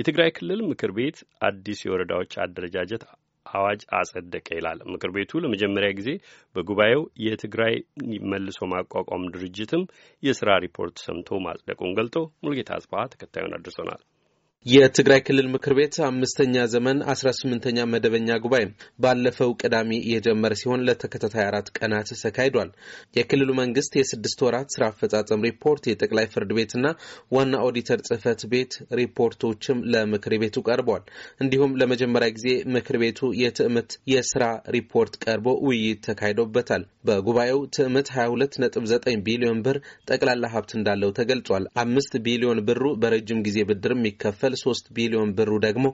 የትግራይ ክልል ምክር ቤት አዲስ የወረዳዎች አደረጃጀት አዋጅ አጸደቀ ይላል። ምክር ቤቱ ለመጀመሪያ ጊዜ በጉባኤው የትግራይ መልሶ ማቋቋም ድርጅትም የስራ ሪፖርት ሰምቶ ማጽደቁን ገልጦ ሙልጌታ አጽባሀ ተከታዩን አድርሶናል። የትግራይ ክልል ምክር ቤት አምስተኛ ዘመን አስራ ስምንተኛ መደበኛ ጉባኤ ባለፈው ቅዳሜ የጀመረ ሲሆን ለተከታታይ አራት ቀናት ተካሂዷል። የክልሉ መንግስት የስድስት ወራት ስራ አፈጻጸም ሪፖርት፣ የጠቅላይ ፍርድ ቤትና ዋና ኦዲተር ጽህፈት ቤት ሪፖርቶችም ለምክር ቤቱ ቀርበዋል። እንዲሁም ለመጀመሪያ ጊዜ ምክር ቤቱ የትዕምት የስራ ሪፖርት ቀርቦ ውይይት ተካሂዶበታል። በጉባኤው ትዕምት 22.9 ቢሊዮን ብር ጠቅላላ ሀብት እንዳለው ተገልጿል። አምስት ቢሊዮን ብሩ በረጅም ጊዜ ብድር ይከፈል 3 ቢሊዮን ብሩ ደግሞ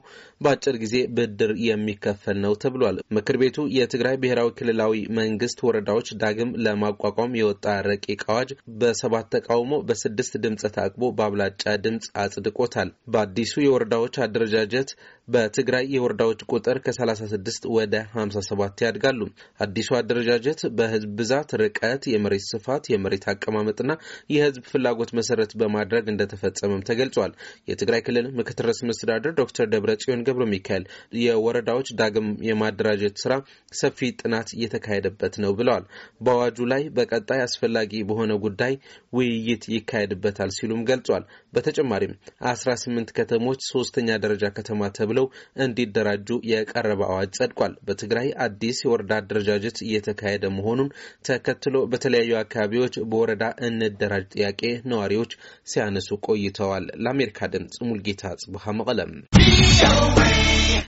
በአጭር ጊዜ ብድር የሚከፈል ነው ተብሏል። ምክር ቤቱ የትግራይ ብሔራዊ ክልላዊ መንግስት ወረዳዎች ዳግም ለማቋቋም የወጣ ረቂቅ አዋጅ በሰባት ተቃውሞ በስድስት ድምፅ ታቅቦ በአብላጫ ድምፅ አጽድቆታል። በአዲሱ የወረዳዎች አደረጃጀት በትግራይ የወረዳዎች ቁጥር ከ36 ወደ 57 ያድጋሉ። አዲሱ አደረጃጀት በህዝብ ብዛት፣ ርቀት፣ የመሬት ስፋት፣ የመሬት አቀማመጥና የህዝብ ፍላጎት መሰረት በማድረግ እንደተፈጸመም ተገልጿል። የትግራይ ክልል ምክትል ርዕሰ መስተዳድር ዶክተር ደብረ ጽዮን ገብረ ሚካኤል የወረዳዎች ዳግም የማደራጀት ስራ ሰፊ ጥናት እየተካሄደበት ነው ብለዋል። በአዋጁ ላይ በቀጣይ አስፈላጊ በሆነ ጉዳይ ውይይት ይካሄድበታል ሲሉም ገልጿል። በተጨማሪም 18 ከተሞች ሶስተኛ ደረጃ ከተማ ተብለው ብለው እንዲደራጁ የቀረበ አዋጅ ጸድቋል። በትግራይ አዲስ የወረዳ አደረጃጀት እየተካሄደ መሆኑን ተከትሎ በተለያዩ አካባቢዎች በወረዳ እንደራጅ ጥያቄ ነዋሪዎች ሲያነሱ ቆይተዋል። ለአሜሪካ ድምፅ ሙልጌታ ጽቡሃ መቀለም